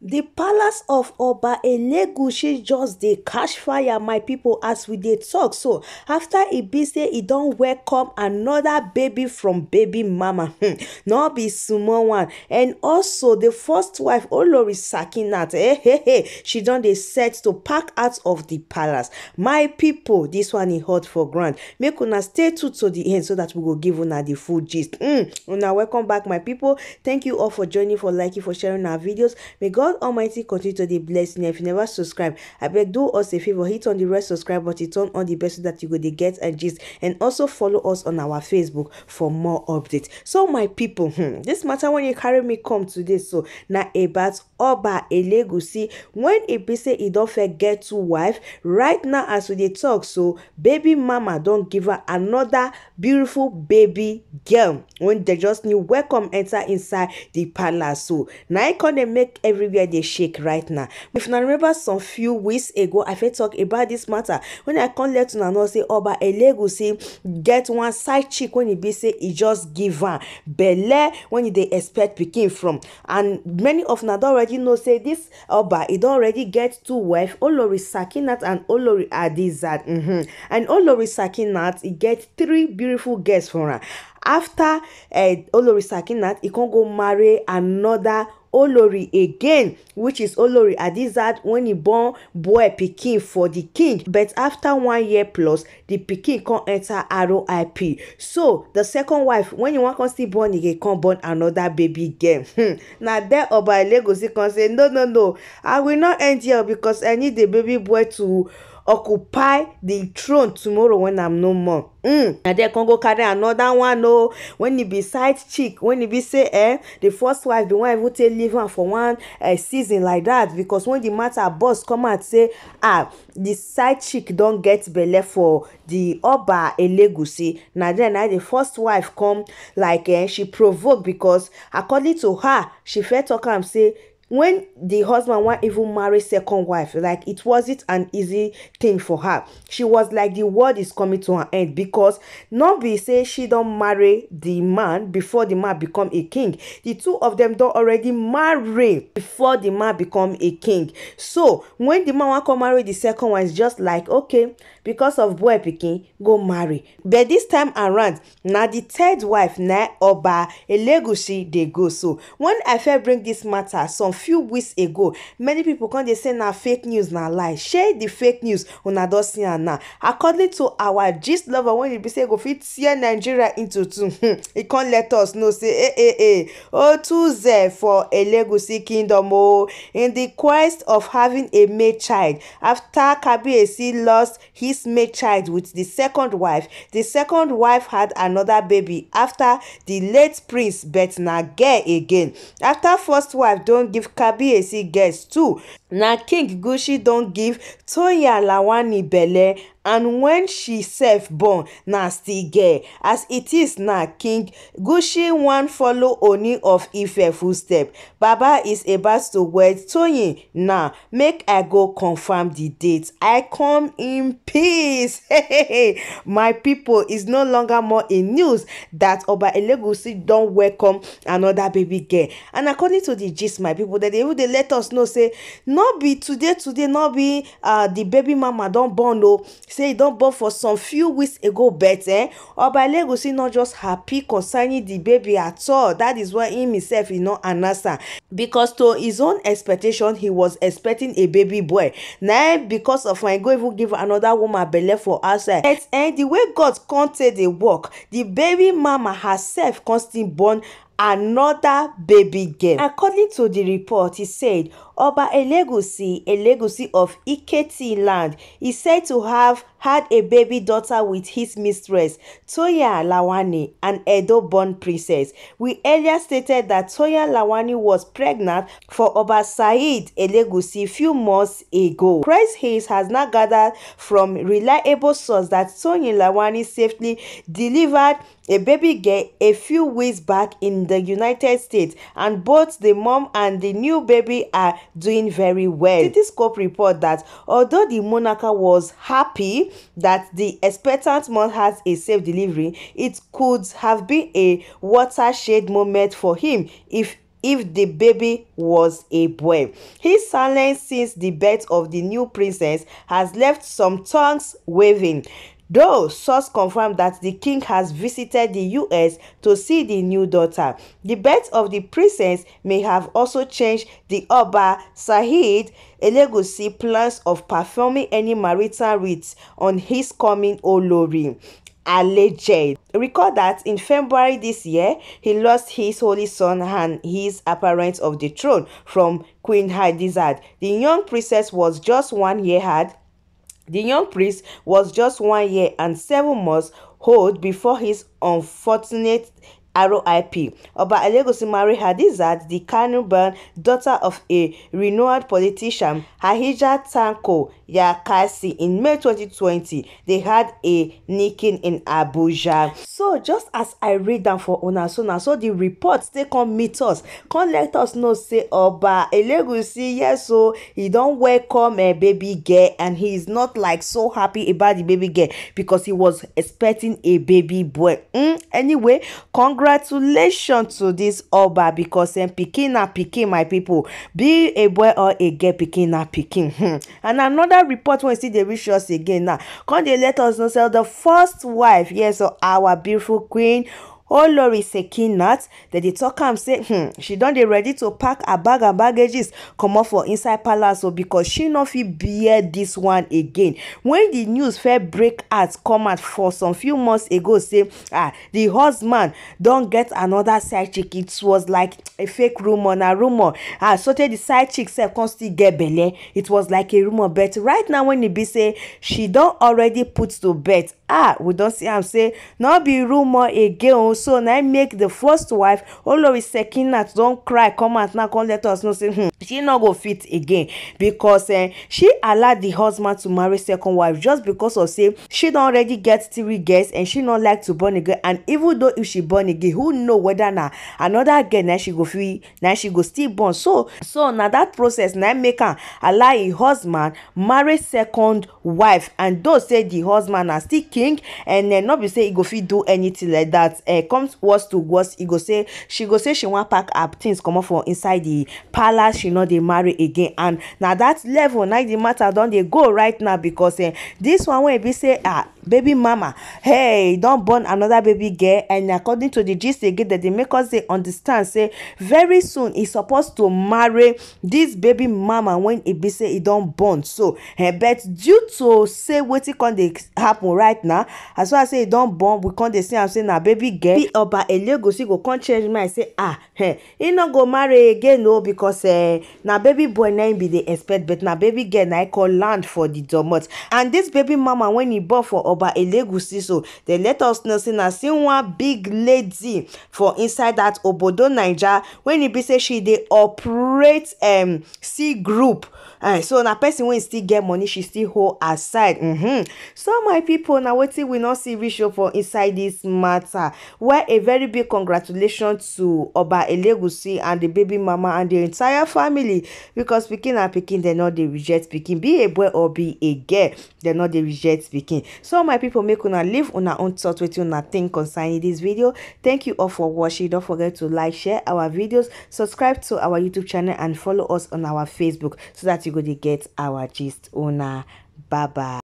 the palace of oba elegushi just dey catch fire my people as we dey talk so after e be say e don welcome another baby from baby mama hmm, no be small one and also the first wife olori sakinat eh, hey, hey, she don dey set to pack out of the palace my people this one e hot for ground make una stay true to the end so that we go give una the full gist mm, una welcome back my people thank you all for joining for liking for sharing our videos may God Almighty continue to dey bless you. If you never subscribe, I beg do us a favor, hit on the red subscribe button, turn on the best so that you go dey get and gist, and also follow us on our Facebook for more updates. So my people, hmm, this matter when you carry me come today, so na about Oba Elegushi when a e be he don't don fit get two wife, right now as we dey talk, so baby mama don't give her another beautiful baby girl when they just new welcome enter inside the palace. So now I can make every everywhere they shake right now if I remember some few weeks ago i felt talk about this matter When i come let una know say a oh, elegusi get one side chick when e be say he just give am belle when e dey expect picking from and many of una already know say this. oba e don already get two wife olori sakinat and olori adizat mm -hmm. and olori sakinat he get three beautiful girls for am after uh, Olori Sakinat, he can go marry another Olori again, which is Olori Adizat when he born boy pikin for the king. But after one year plus, the pikin can enter ROIP. So the second wife, when he want to still born again, can born another baby again. now then, Oba Elegosi can say, no, no, no, I will not end here because I need the baby boy to occupy the throne tomorrow when i'm no more mm. na there come carry another one oh. When he be side chick when he be say eh the first wife the one even take leave am for one uh, season like that because when the matter burst come out say ah the side chick don get belle for the oba elegusi na then na the first wife come like eh she provoke because according to her she first talk am say when the husband won't even marry second wife like it wasn't an easy thing for her she was like the world is coming to an end because not be say she don't marry the man before the man become a king the two of them don't already marry before the man become a king so when the man want come marry the second one it's just like okay because of boy picking go marry but this time around now the third wife na oba elegushi they go so when i first bring this matter some few weeks ago many people come dey say na fake news na lie share di fake news una don see am now according to our gist lover wey e be say e go fit tear nigeria into two hmm e come let us know say eh eh eh z for elegusi kingdom o in di quest of having a male child afta kabiyesi lost his male child with di second wife di second wife had anoda baby after di late prince bet na girl again After first wife don give give kabiyesi guest too na king guchi don give toyin alawani belle and when she sef born na still girl as it is now king guchi wan follow oni of ife footstep baba is about to wed toyin now make i go confirm the date i come in peace my pipo is no longer more in news dat oba elegusi don welcome another baby girl and according to the gist my pipo dem dey even dey let us know say no be today today no be uh, the baby mama don born o oh say e don born for some few weeks ago but eh, oba elegushi no just happy concerning di baby at all dat is why im himself e no announce am because to his own expectation he was expecting a baby boy Now, because of my he go even give another woman belle for outside And eh, the way god come take dey work the baby mama herself constantly born another baby girl. according to the report he said oba elegusi elegusi of iketi land is said to have had a baby daughter with his mistress toya lawani an edo-born princess we earlier stated that toya lawani was pregnant for Oba Said Elegushi few months ago. Chris Hayes has now gathered from reliable sources that Tony Lawani safely delivered a baby girl a few weeks back in the United States and both the mom and the new baby are doing very well. Cityscope report that although the monarch was happy that the expectant mom has a safe delivery, it could have been a watershed moment for him if if the baby was a boy. His silence since the birth of the new princess has left some tongues waving. Though source confirmed that the king has visited the US to see the new daughter, the birth of the princess may have also changed the Oba Saheed Elegusi plans of performing any marital rites on his coming Olori alleged. Recall that in February this year, he lost his only son and his apparent of the throne from Queen Hadizad. The young princess was just one year old. The young prince was just one year and seven months old before his unfortunate RIP. Oba Elegushi married Hadizat, the Kanuban, daughter of a renowned politician, Hajija Tanko Yakasi, in May 2020. They had a nicking in Abuja. So just as I read down for una so the reports they come meet us, come let us know say Oba Elegushi, yes so he don't welcome a baby girl and he is not like so happy about the baby girl because he was expecting a baby boy. Mm, anyway, congrats congratulations to this oba because em eh, picking na picking my people. be a boy or a girl picking na picking. Hmm. and another report when still see the us again now Can they let us know So the first wife yes our beautiful queen olori sekinat dem they talk am say um hmm, she done dey ready to pack her bag and baggages come up for inside palace o oh, becos she no fit bear this one again when the news fair break out come out for some few months ago say ah the husband don't get another side chick it was like a fake rumor na rumor ah sotey the side chick sef come still get belle it was like a rumor but right now when the be say she don already put to bed ah we don't see am say no be rumor again oh, so na make the first wife olori sekinat don cry come out now come let us know say hmm, she no go fit again because eh, she allow the husband to marry second wife just because of say she don already get three girls and she no like to born again and even though if she born again who know whether na another girl na she go fit na she go still born so so na that process na make am allow im husband marry second wife and though say the husband na still king and eh, no be say e go fit do anything like that eh, comes worst to worst e go say she go say she wan pack her things comot for inside the palace she no dey marry again and na that level na the matter don dey go right now because becos eh, this one wey e be say ah baby mama hey e don born another baby girl and according to the gist again dem dey make us dey understand say very soon e suppose to marry this baby mama when e be say e don born so eh, but due to say wetin con dey happen right now as far as say e don born we con dey see am say na baby girl be oba elegushi go come change mind say ah eh, he no go marry again o because eh, na baby boy na him be dey expect but na baby girl na him call land for the domot and this baby mama when he born for oba elegushi so they let us know say na see one big lady for inside that obodo naija when e be say she dey operate um, c group uh, so na person wey still get money she still hold her side mm -hmm. so my people na wetin we no see reach for inside this matter Well, a very big congratulations to Oba Elegushi and the baby mama and the entire family because pikin and pikin dem no dey reject pikin be a boy or be a girl dem no dey reject pikin. So my people make una leave una own thought wetin una think concerning this video. Thank you all for watching. Don't forget to like, share our videos, subscribe to our YouTube channel and follow us on our Facebook so that you go dey get our gist una bye bye.